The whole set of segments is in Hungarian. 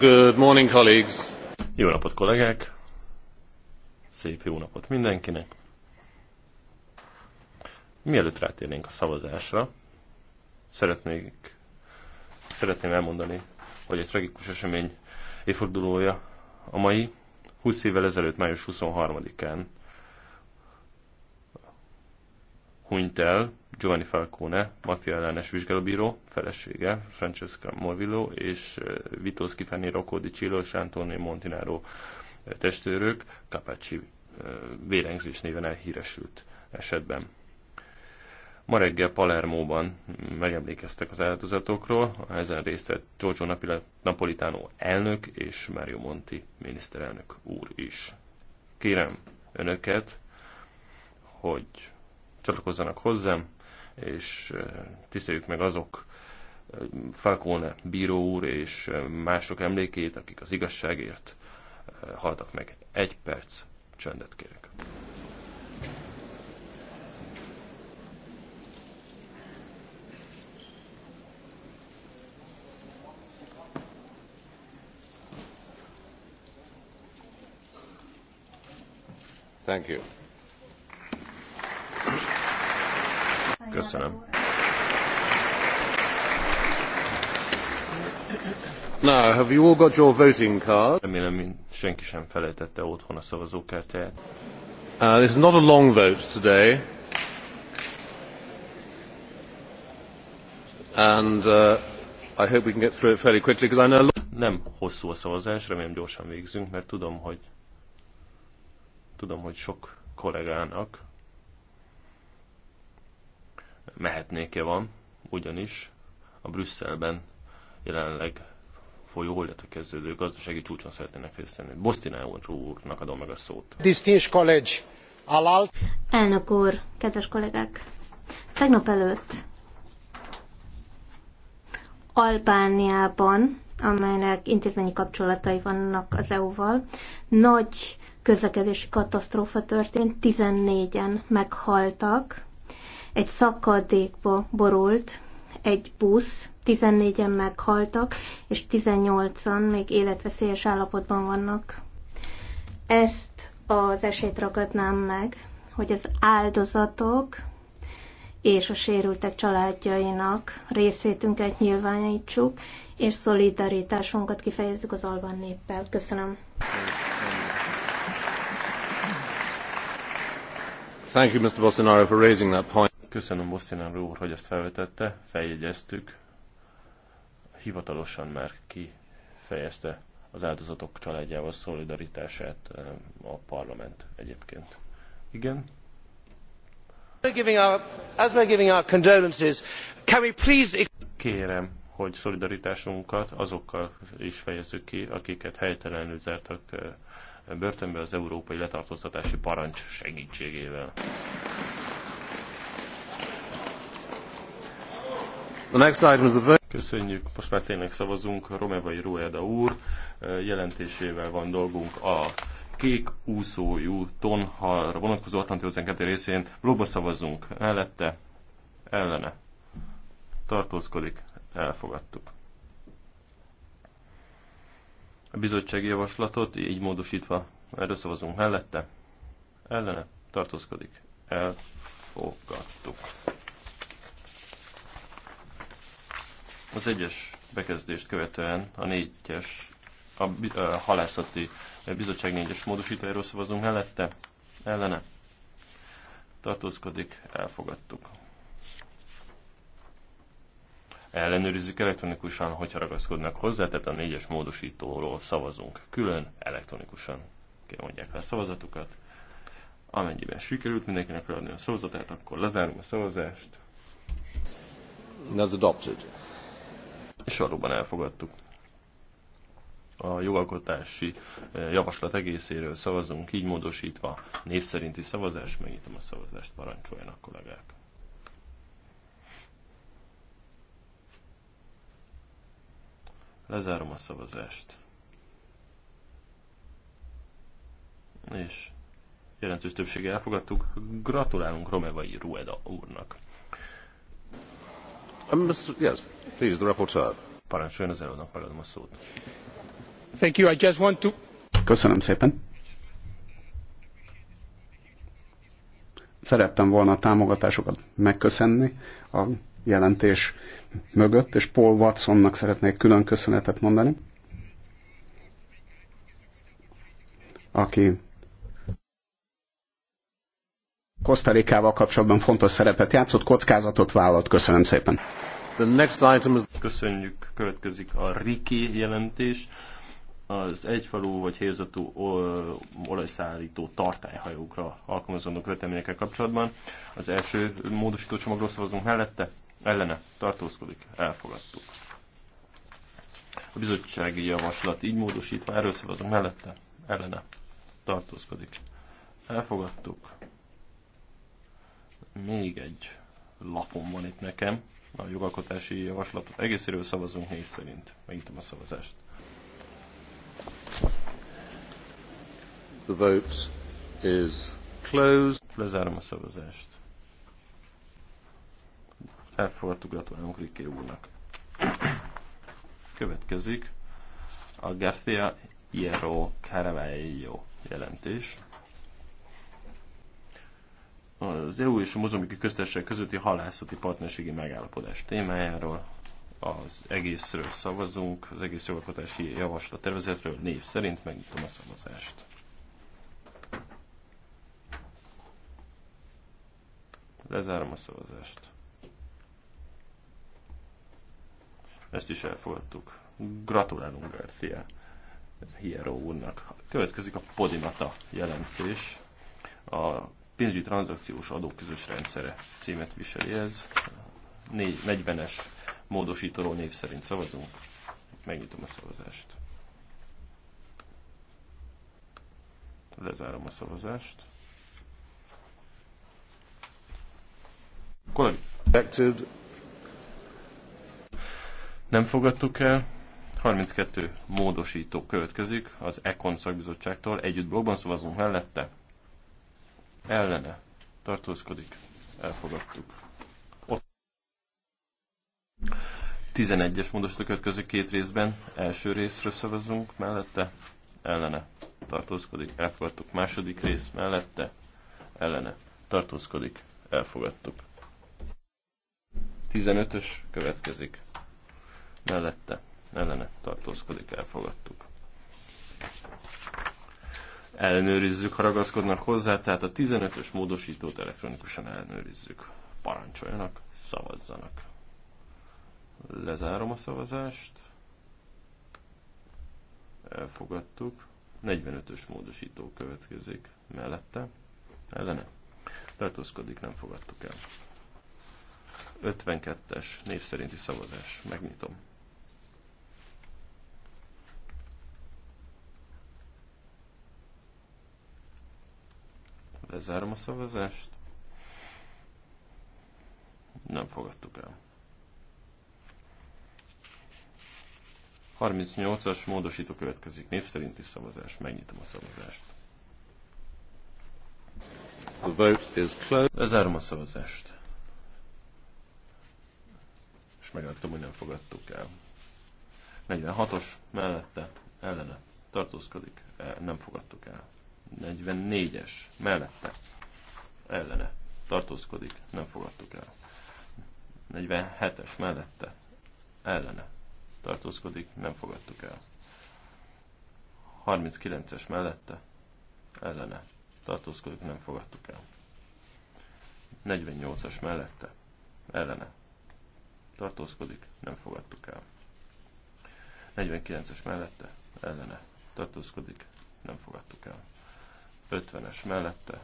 Good morning, colleagues. Jó napot, kollégák! Szép jó napot mindenkinek! Mielőtt rátérnénk a szavazásra, szeretnék, szeretném elmondani, hogy egy tragikus esemény évfordulója a mai 20 évvel ezelőtt, május 23-án hunyt el Giovanni Falcone, mafia ellenes vizsgálóbíró, felesége, Francesca Morvillo és eh, Vito Fanny Rocco di Cillo és Montinaro eh, testőrök Capacci eh, vérengzés néven elhíresült esetben. Ma reggel Palermóban megemlékeztek az áldozatokról, ezen részt vett Giorgio Napolitano elnök és Mario Monti miniszterelnök úr is. Kérem önöket, hogy csatlakozzanak hozzám, és tiszteljük meg azok Falcone bíró úr és mások emlékét, akik az igazságért haltak meg. Egy perc csendet kérek. Thank you. Köszönöm. Now, have you all got your voting card? Remélem, senki sem felejtette otthon a szavazókártyáját. Uh, this is not a long vote today. And uh, I hope we can get through it fairly quickly because I know nem hosszú a szavazás, remélem gyorsan végzünk, mert tudom, hogy tudom, hogy sok kollégának mehetnéke van, ugyanis a Brüsszelben jelenleg folyó, illetve kezdődő gazdasági csúcson szeretnének részt venni. Bosztinál úrnak adom meg a szót. Distinguished College, Alal. Elnök úr, kedves kollégák! Tegnap előtt Albániában, amelynek intézményi kapcsolatai vannak az EU-val, nagy közlekedési katasztrófa történt, 14-en meghaltak, egy szakadékba borult egy busz, 14-en meghaltak, és 18-an még életveszélyes állapotban vannak. Ezt az esélyt ragadnám meg, hogy az áldozatok és a sérültek családjainak részvétünket nyilvánítsuk, és szolidaritásunkat kifejezzük az alban néppel. Köszönöm. Thank you, Mr. Bolsonaro, for raising that point. Köszönöm Bosztinám úr, hogy ezt felvetette, feljegyeztük. Hivatalosan már kifejezte az áldozatok családjával szolidaritását eh, a parlament egyébként. Igen? Kérem, hogy szolidaritásunkat azokkal is fejezzük ki, akiket helytelenül zártak eh, börtönbe az európai letartóztatási parancs segítségével. Köszönjük, most már tényleg szavazunk. Romevai Rueda úr jelentésével van dolgunk a kék úszójú tonhalra vonatkozó Atlanti óceán részén. Lóba szavazunk, mellette, ellene. Tartózkodik, elfogadtuk. A bizottsági javaslatot így módosítva erről szavazunk mellette, ellene, tartózkodik, elfogadtuk. Az egyes bekezdést követően a négyes, a, a halászati bizottság négyes módosítójáról szavazunk mellette, ellene. Tartózkodik, elfogadtuk. Ellenőrizzük elektronikusan, hogyha ragaszkodnak hozzá, tehát a négyes módosítóról szavazunk külön elektronikusan. Kérem, mondják le a szavazatukat. Amennyiben sikerült mindenkinek leadni a szavazatát, akkor lezárunk a szavazást. that's adopted és valóban elfogadtuk. A jogalkotási eh, javaslat egészéről szavazunk, így módosítva név szerinti szavazás, megnyitom a szavazást, parancsoljanak kollégák. Lezárom a szavazást. És jelentős többséggel elfogadtuk. Gratulálunk Romevai Rueda úrnak. Um, a Köszönöm szépen. Szerettem volna a támogatásokat megköszönni a jelentés mögött, és Paul Watsonnak szeretnék külön köszönetet mondani, aki Kosztarikával kapcsolatban fontos szerepet játszott, kockázatot vállalt. Köszönöm szépen. The next item is... Köszönjük, következik a Riki jelentés. Az egyfalú vagy hérzatú olajszállító tartályhajókra alkalmazandó követelményekkel kapcsolatban. Az első módosító csomagról szavazunk mellette, ellene tartózkodik, elfogadtuk. A bizottsági javaslat így módosítva, erről szavazunk mellette, ellene tartózkodik. Elfogadtuk. Még egy lapom van itt nekem. A jogalkotási javaslatot egészéről szavazunk négy szerint. Megintem a szavazást. The vote is closed. Lezárom a szavazást. Elfogadtuk, gratulálunk Riké úrnak. Következik a García Hierro Caravaggio jelentés az EU és a mozambiki köztársaság közötti halászati partnerségi megállapodás témájáról. Az egészről szavazunk, az egész jogalkotási javaslat tervezetről név szerint megnyitom a szavazást. Lezárom a szavazást. Ezt is elfogadtuk. Gratulálunk Garcia Hierro úrnak. Következik a Podimata jelentés a pénzügyi tranzakciós adó közös rendszere címet viseli ez. 40-es módosítóról név szerint szavazunk. Megnyitom a szavazást. Lezárom a szavazást. Kolegi. Nem fogadtuk el. 32 módosító következik az Econ szakbizottságtól. Együtt blogban szavazunk mellette ellene tartózkodik, elfogadtuk. 11-es módosító következő két részben, első részről szavazunk, mellette ellene tartózkodik, elfogadtuk. Második rész mellette ellene tartózkodik, elfogadtuk. 15-ös következik, mellette ellene tartózkodik, elfogadtuk ellenőrizzük, ha ragaszkodnak hozzá, tehát a 15-ös módosítót elektronikusan ellenőrizzük. Parancsoljanak, szavazzanak. Lezárom a szavazást. Elfogadtuk. 45-ös módosító következik mellette. Ellene? Tartózkodik, nem fogadtuk el. 52-es név szerinti szavazás. Megnyitom. Lezárom a szavazást. Nem fogadtuk el. 38-as módosító következik. Név szerinti szavazás. Megnyitom a szavazást. The vote is closed. Lezárom a szavazást. És megadtam, hogy nem fogadtuk el. 46-os mellette, ellene tartózkodik, e, nem fogadtuk el. 44-es mellette ellene tartózkodik, nem fogadtuk el. 47-es mellette ellene tartózkodik, nem fogadtuk el. 39-es mellette ellene tartózkodik, nem fogadtuk el. 48-as mellette ellene tartózkodik, nem fogadtuk el. 49-es mellette ellene tartózkodik, nem fogadtuk el. 50-es mellette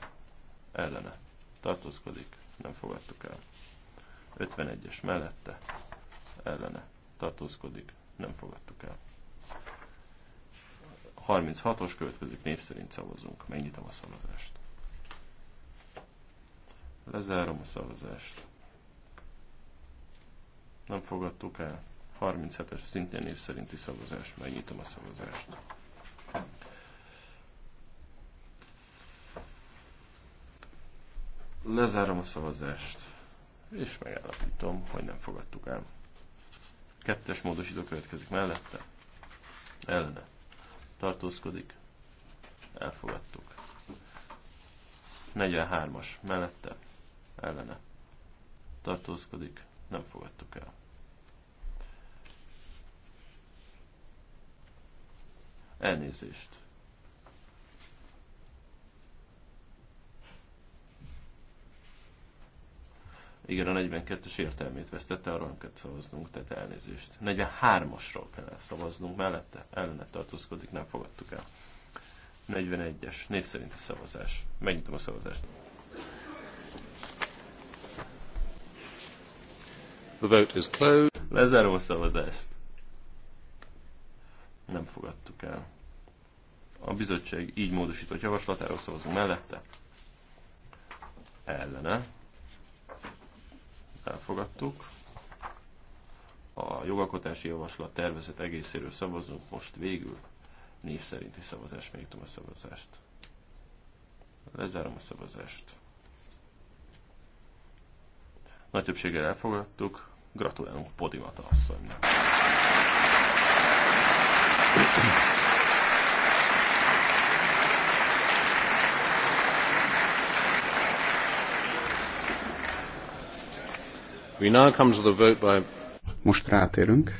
ellene tartózkodik, nem fogadtuk el. 51-es mellette ellene tartózkodik, nem fogadtuk el. 36-os következik, név szerint szavazunk. Megnyitom a szavazást. Lezárom a szavazást. Nem fogadtuk el. 37-es szintén név szerinti szavazás. Megnyitom a szavazást. Lezárom a szavazást, és megállapítom, hogy nem fogadtuk el. Kettes módosító következik mellette. Ellene. Tartózkodik. Elfogadtuk. 43-as mellette. Ellene. Tartózkodik. Nem fogadtuk el. Elnézést. Igen, a 42-es értelmét vesztette, arról nem kell szavaznunk, tehát elnézést. 43-asról kell szavaznunk, mellette ellenet tartózkodik, nem fogadtuk el. 41-es, név szerinti szavazás. Megnyitom a szavazást. The vote is closed. Lezárom a szavazást. Nem fogadtuk el. A bizottság így módosított javaslatáról szavazunk mellette. Ellene elfogadtuk. A jogalkotási javaslat tervezet egészéről szavazunk most végül. Név szerinti szavazás, még a szavazást. Lezárom a szavazást. Nagy többséggel elfogadtuk. Gratulálunk Podimata asszonynak. Thank you. Most rátérünk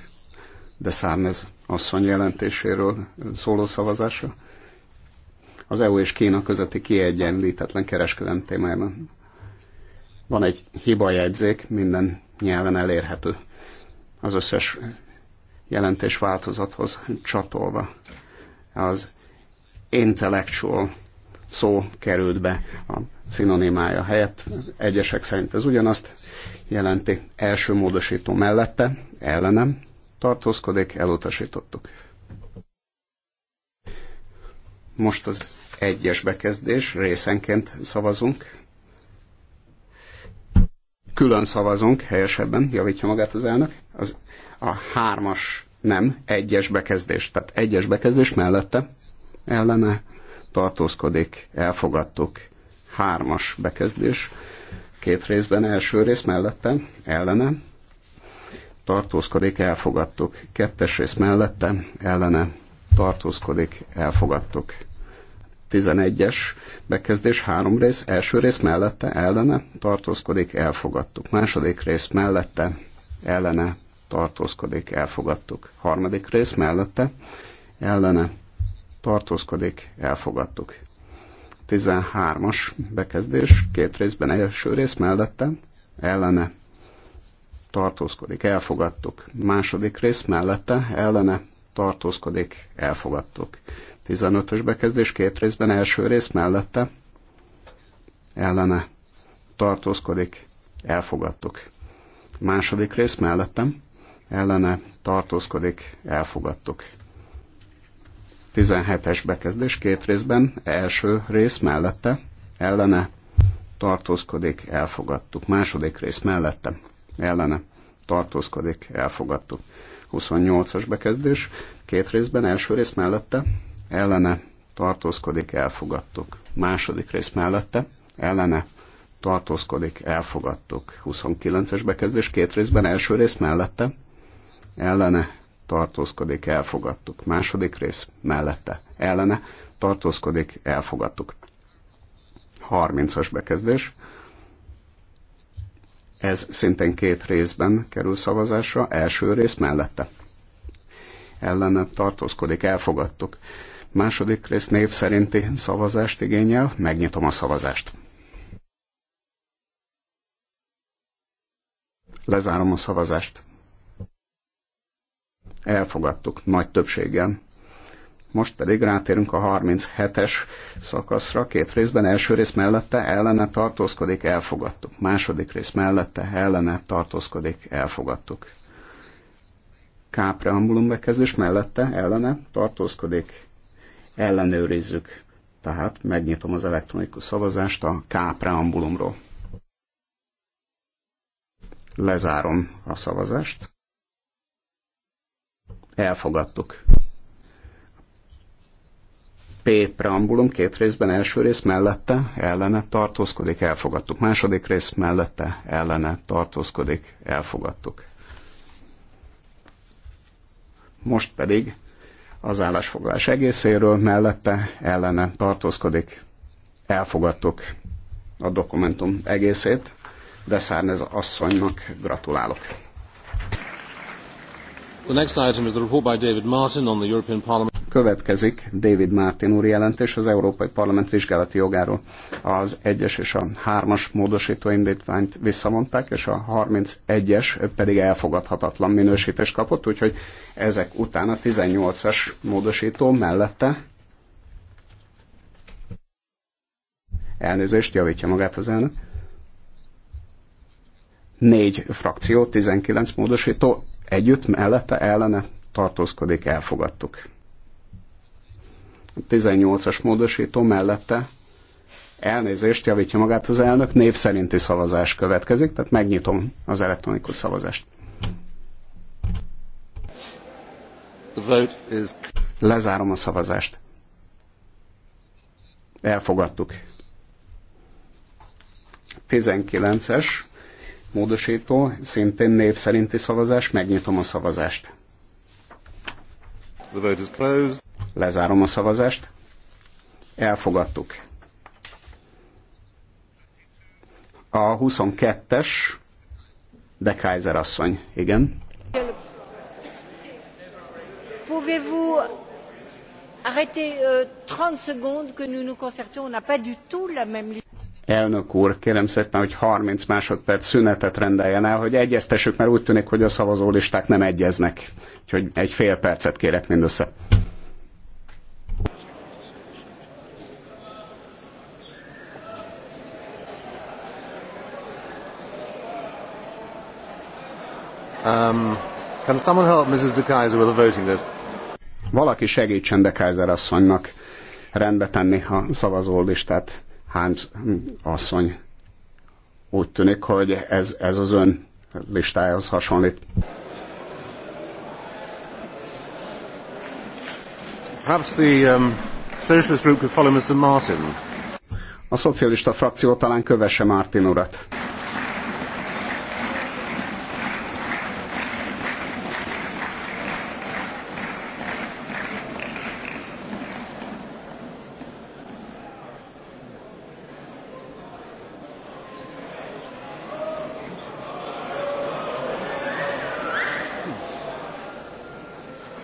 de Szárnez asszony jelentéséről szóló szavazásra. Az EU és Kína közötti kiegyenlítetlen kereskedelem témájában. Van egy hiba jegyzék, minden nyelven elérhető. Az összes jelentés változathoz csatolva. Az intellectual szó került be a szinonimája helyett. Egyesek szerint ez ugyanazt jelenti. Első módosító mellette, ellenem tartózkodik, elutasítottuk. Most az egyes bekezdés, részenként szavazunk. Külön szavazunk, helyesebben, javítja magát az elnök. Az, a hármas nem, egyes bekezdés, tehát egyes bekezdés mellette, ellene tartózkodik, elfogadtuk. Hármas bekezdés, két részben, első rész mellette, ellene, tartózkodik, elfogadtuk. Kettes rész mellette, ellene, tartózkodik, elfogadtuk. 11-es bekezdés, három rész, első rész mellette, ellene, tartózkodik, elfogadtuk. Második rész mellette, ellene, tartózkodik, elfogadtuk. Harmadik rész mellette, ellene, tartózkodik, elfogadtuk. 13-as bekezdés, két részben első rész mellette, ellene tartózkodik, elfogadtuk. Második rész mellette, ellene tartózkodik, elfogadtuk. 15-ös bekezdés két részben első rész mellette, ellene tartózkodik, elfogadtuk. Második rész mellettem, ellene tartózkodik, elfogadtuk. 17-es bekezdés két részben, első rész mellette, ellene, tartózkodik, elfogadtuk. Második rész mellette, ellene, tartózkodik, elfogadtuk. 28-as bekezdés, két részben, első rész mellette, ellene, tartózkodik, elfogadtuk. Második rész mellette, ellene, tartózkodik, elfogadtuk. 29-es bekezdés, két részben, első rész mellette, ellene, tartózkodik, elfogadtuk. Második rész mellette, ellene, tartózkodik, elfogadtuk. 30-as bekezdés. Ez szintén két részben kerül szavazásra, első rész mellette. Ellene tartózkodik, elfogadtuk. Második rész név szerinti szavazást igényel, megnyitom a szavazást. Lezárom a szavazást elfogadtuk nagy többséggel. Most pedig rátérünk a 37-es szakaszra, két részben, első rész mellette ellene tartózkodik, elfogadtuk. Második rész mellette ellene tartózkodik, elfogadtuk. K preambulum bekezdés mellette ellene tartózkodik, ellenőrizzük. Tehát megnyitom az elektronikus szavazást a K preambulumról. Lezárom a szavazást. Elfogadtuk. P. Preambulum két részben, első rész mellette, ellene tartózkodik, elfogadtuk. Második rész mellette, ellene tartózkodik, elfogadtuk. Most pedig az állásfoglalás egészéről mellette, ellene tartózkodik, elfogadtuk a dokumentum egészét, de Szárnez asszonynak gratulálok. Következik David Martin úr jelentés az Európai Parlament vizsgálati jogáról. Az 1-es és a 3-as módosító indítványt visszavonták, és a 31-es pedig elfogadhatatlan minősítést kapott, úgyhogy ezek után a 18-as módosító mellette elnézést, javítja magát az elnök. Négy frakció, 19 módosító együtt, mellette, ellene tartózkodik, elfogadtuk. 18-as módosító mellette elnézést javítja magát az elnök, név szerinti szavazás következik, tehát megnyitom az elektronikus szavazást. Is... Lezárom a szavazást. Elfogadtuk. 19-es módosító, szintén név szerinti szavazás, megnyitom a szavazást. The vote is closed. Lezárom a szavazást. Elfogadtuk. A 22-es de Kaiser asszony, igen. Pouvez-vous arrêter 30 euh, secondes que nous nous concertons, on n'a pas du tout la même Elnök úr, kérem szépen, hogy 30 másodperc szünetet rendeljen el, hogy egyeztessük, mert úgy tűnik, hogy a szavazólisták nem egyeznek. Úgyhogy egy fél percet kérek mindössze. Um, can someone help Mrs. De Kaiser with a voting list? Valaki segítsen De Kaiser asszonynak rendbe tenni a szavazólistát. Hánc hm, asszony, úgy tűnik, hogy ez, ez az ön listájához hasonlít. Perhaps the um, socialist group could follow Mr. Martin. A szocialista frakció talán kövesse Martin urat.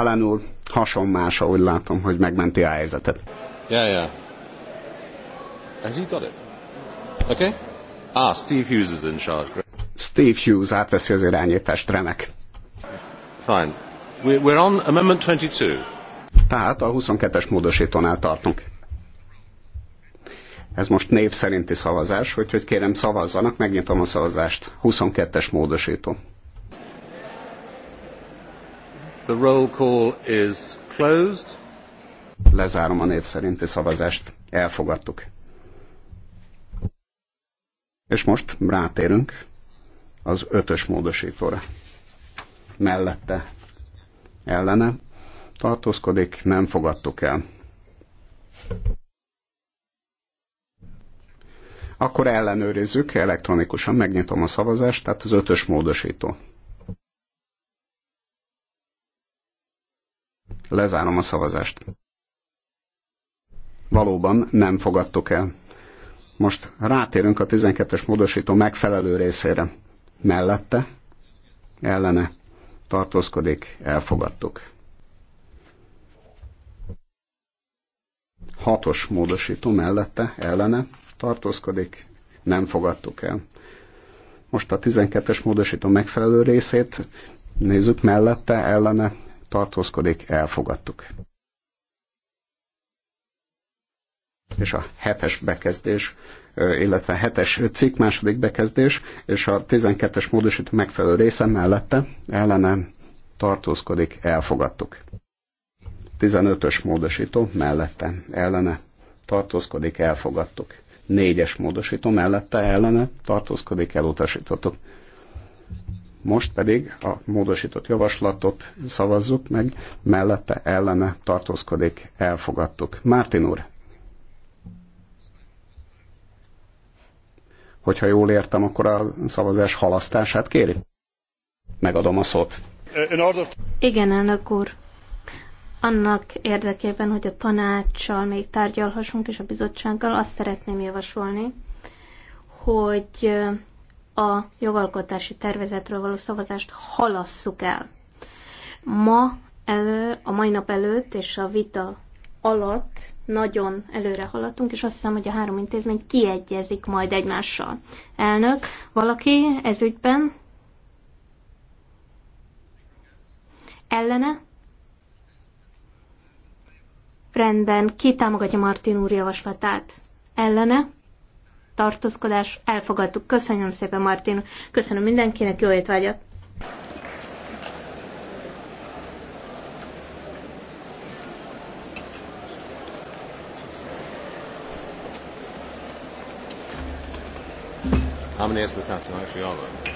Alán hason hasonmása, úgy látom, hogy megmenti a helyzetet. Yeah, yeah. Has he got it? Okay. Ah, Steve Hughes is in charge. Steve Hughes átveszi az irányítást, remek. Fine. We're on Amendment 22. Tehát a 22-es módosítónál tartunk. Ez most név szerinti szavazás, úgyhogy kérem szavazzanak, megnyitom a szavazást. 22-es módosító. The roll call is closed. Lezárom a név szerinti szavazást. Elfogadtuk. És most rátérünk az ötös módosítóra. Mellette ellene tartózkodik, nem fogadtuk el. Akkor ellenőrizzük elektronikusan, megnyitom a szavazást, tehát az ötös módosító. Lezárom a szavazást. Valóban nem fogadtuk el. Most rátérünk a 12-es módosító megfelelő részére. Mellette, ellene, tartózkodik, elfogadtuk. Hatos módosító mellette, ellene, tartózkodik, nem fogadtuk el. Most a 12-es módosító megfelelő részét nézzük mellette, ellene, tartózkodik, elfogadtuk. És a hetes bekezdés, illetve hetes cikk második bekezdés, és a 12-es módosító megfelelő része mellette ellenem tartózkodik, elfogadtuk. 15-ös módosító mellette ellene tartózkodik, elfogadtuk. 4-es módosító mellette ellene tartózkodik, elutasítottuk. Most pedig a módosított javaslatot szavazzuk meg, mellette ellene tartózkodik, elfogadtuk. Mártin úr, hogyha jól értem, akkor a szavazás halasztását kéri? Megadom a szót. Igen, elnök úr. Annak érdekében, hogy a tanácssal még tárgyalhassunk, és a bizottsággal, azt szeretném javasolni, hogy a jogalkotási tervezetről való szavazást halasszuk el. Ma elő, a mai nap előtt és a vita alatt nagyon előre haladtunk, és azt hiszem, hogy a három intézmény kiegyezik majd egymással. Elnök, valaki ez ügyben? Ellene? Rendben, ki támogatja Martin úr javaslatát? Ellene? tartózkodás, elfogadtuk. Köszönöm szépen, Martin. Köszönöm mindenkinek, jó étvágyat! How many is the of them?